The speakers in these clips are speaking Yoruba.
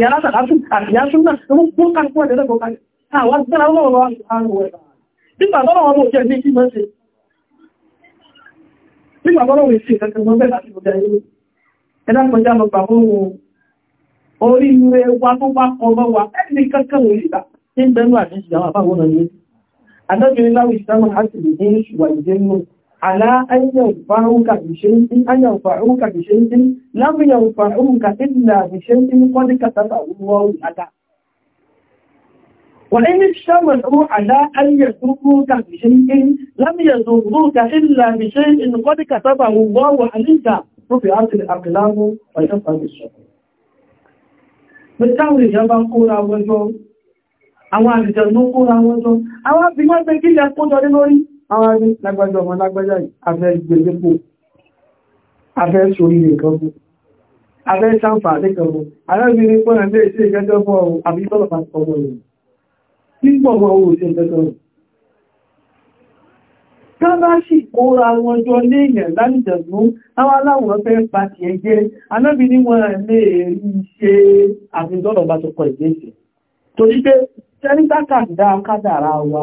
yàrá sàkásù àti yásùn náà tó mú kàkú ẹ̀dẹ́dẹ́ kọ̀ọ̀kan àwọn agbára ọlọ́run wá àrùn ẹ̀dà nígbà tọ́lọ̀ wọn mọ̀ jẹ́ ní ìmọ̀ sí nígbà tọ́lọ̀ wọn sí ìfẹ́kẹ́ mọ́ bẹ́ẹ̀ láti bọ̀dẹ̀ ẹ̀yẹ́ ẹ̀dá kọjá lọ gbàmọ́ orí ire wa tó bá kọmọ wa ẹni kankan wò ìgbà tí ń bẹnu àti ìjàmà báwọn ọ̀nà yìí adájọ́ ìláwì ìsámọ̀ àti ìdíyìn ṣùgbà ìdíyìn náà على أن ينفعوك بشيء أن ينفعوك بشيء لم ينفعوك إلا بشيء قد كتبه الله لك وإن اجتمعوا على أن يضروك بشيء لم يضروك إلا بشيء قد كتبه الله عليك رفعت الأقلام ويرفع الشكر Mẹ́tàwò ìjọba kóra wọ́jọ́, àwọn àrìjọ̀ ló kóra wọ́jọ́, àwọn àbí máa gbé kílẹ̀ kójọ lórí àwọn arí lágbàjá ọmọ lágbàjá afẹ́ gbẹ̀gbẹ̀pò afẹ́ sórí nìkan mú afẹ́ sáǹfà nìkan mú arábìnrin pọ́nà lè ṣe ìgẹ́gẹ́ fún ọrùn àbí tọ́lọ̀pá ọmọ rẹ̀ pípọ̀ mọ́ owó ṣe ìgẹ́gẹ́ rẹ̀ tá bá sì kóra wọn jọ léèyàn lálìjẹ̀mú àwọn aláwọ̀ fẹ́ pa ti ẹjẹ́ alábìnrin wọn lè rí ṣe àfihàn ọ̀bá tó kọ ìgbésẹ̀ torí pé sẹ́ríkà kàdá kádàrá wa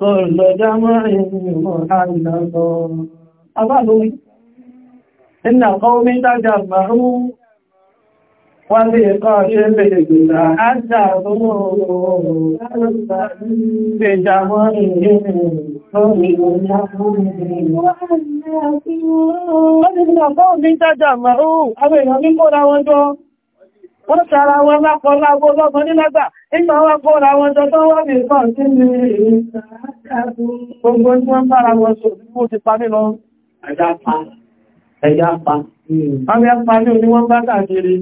Kọ̀lọ̀ dámọ́ ìrìnmọ̀ àìlàtọ̀. Àbá lórí, iná kọ́ mi dájà màrú wọ́n lè kọ́ ṣe bèèrè gbèrà ájá ọmọ ìgbèjàmọ́ ìrìnmọ̀ tó mi ò ní àwọn ìrìnmọ̀. Wọ́n lè kọ́ mi dájà màrú, àwọn èèyàn ní kó wọ́n tààrà wọn lápọ̀ lágbó lọ́gbọ́n nílágbà nígbà wọ́n kó wọn jọ tó wọ́n bí sí ní gbogbo tí wọ́n bára wọn sọ bí ó ti pa mí lọ ẹ̀dá pa ẹ̀dá pa ọmọ ẹ̀pá ní wọ́n bá kàkiri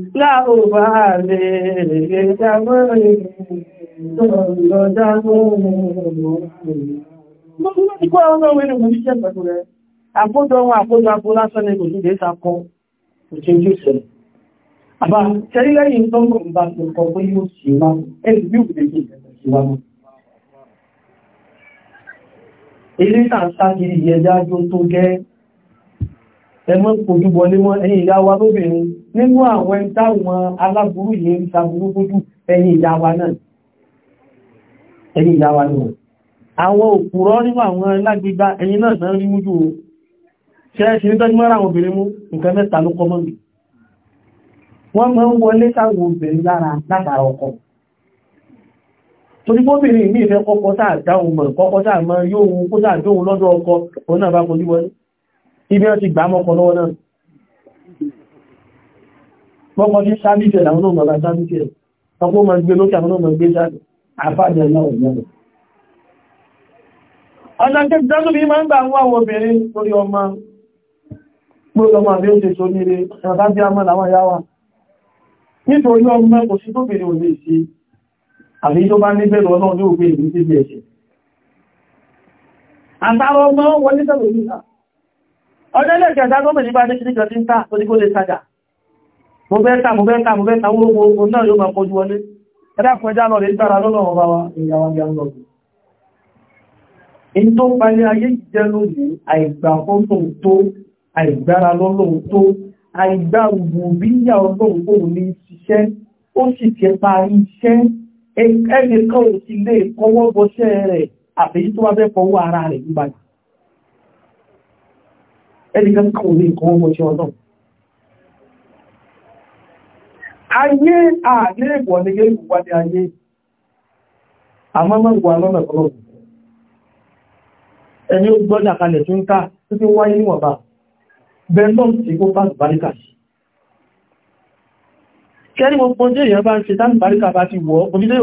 àbá ṣẹ́rí lẹ́yìn tó ń kọ̀ bá tó kọ pé yóò ṣe máa ẹni bí òkúté kí ìjẹta ṣe wá náà ilé tàà ṣáàkiri ìyẹjá jó tó gẹ́ ẹmọ́ kojú wọlé mọ́ ẹ̀yìn ìyá wa lóbìnrin nínú àwọn ẹ̀dáwọn aláburú yìí ń sàbúrú kójú ẹ̀yìn ìyá wa náà ẹ̀yìn ìyá wa náà àwọn òkúrọ́ nínú àwọn lágbígbá wọ́n máa ń wọlé sáwọn obìnrin lára látara ọkọ torí bóbìnrin ní ìfẹ́ kọ́kọ́ sáà dáhùn mọ̀ kọ́kọ́ sáà mọ́ yóò wù kó sáà dóhun lọ́dọ̀ ọkọ òun náà bá kojú wọlé ibi wọ́n ti gbà mọ́kọ lọ́wọ́ náà mọ́kọ ní sábìtẹ̀ àwọn náà bàbá sábìtẹ̀ ọkọ́ ma gbé lókè àwọn náà gbé sáàdù àfáàdẹ̀ náà ọ̀gbẹ̀rẹ̀ ọ̀nà tí dájú bí ọmọ àbí ó ti so nílé ọ̀nà tàbí àmọ́ làwọn yáwà nítorí ọmọ kò sí tó bèèrè òní sí àbí tó bá níbẹ̀rẹ̀ ọlọ́run ní òpin ìlú sí ẹ̀ṣẹ̀ àtàrà ọmọ wọlé tẹ́lò ní ọjọ́lẹ̀ ìjẹta gọ́mìnì bá ní kíríkà tí ń tà tó ní kó lè tajà mo fẹ́ tà mo fẹ́ tà mo fẹ́ tà wúrò gbogbo náà yóò máa kojú wọlé ẹ̀dá fún ẹjá lọ rẹ̀ dára lọ́nà ọba wa ìyàwó àìgbàrùgbù bí yà ọlọ́run ní ṣiṣẹ́ ó sì fẹ́ parí iṣẹ́ ẹnìkan ò sí lè kọwọ́ bọ́ṣẹ́ rẹ̀ àfẹ́yí tó wá fẹ́ fọwọ́ ara rẹ̀ nígbà ẹnìkan kan ò lè kọwọ́ bọ́ṣẹ́ ọlọ́run ayé ààrẹ ìwọ̀ ní gẹ́gẹ́ ìwà ní ayé àmọ́ mọ́gbà lọ́nà ọlọ́run ẹni ó gbọ́dà kalẹ̀ tó ń bẹ̀rún tí ó bá bàríkà sí kẹ́rí gbogbo jẹ́ ìyàn bá ń ṣe tán bàríkà bá ti wọ́